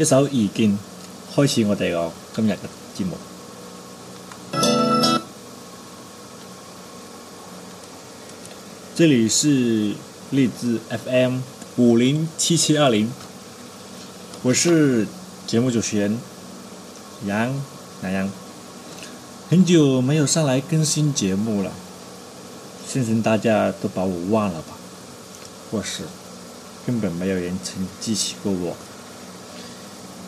一首《遇見》開始我哋嘅今日嘅節目。這裏是荔枝 FM 五零七七二零，我是節目主持人楊南陽。很久沒有上來更新節目了，相信大家都把我忘了吧？或是根本沒有人曾記起過我？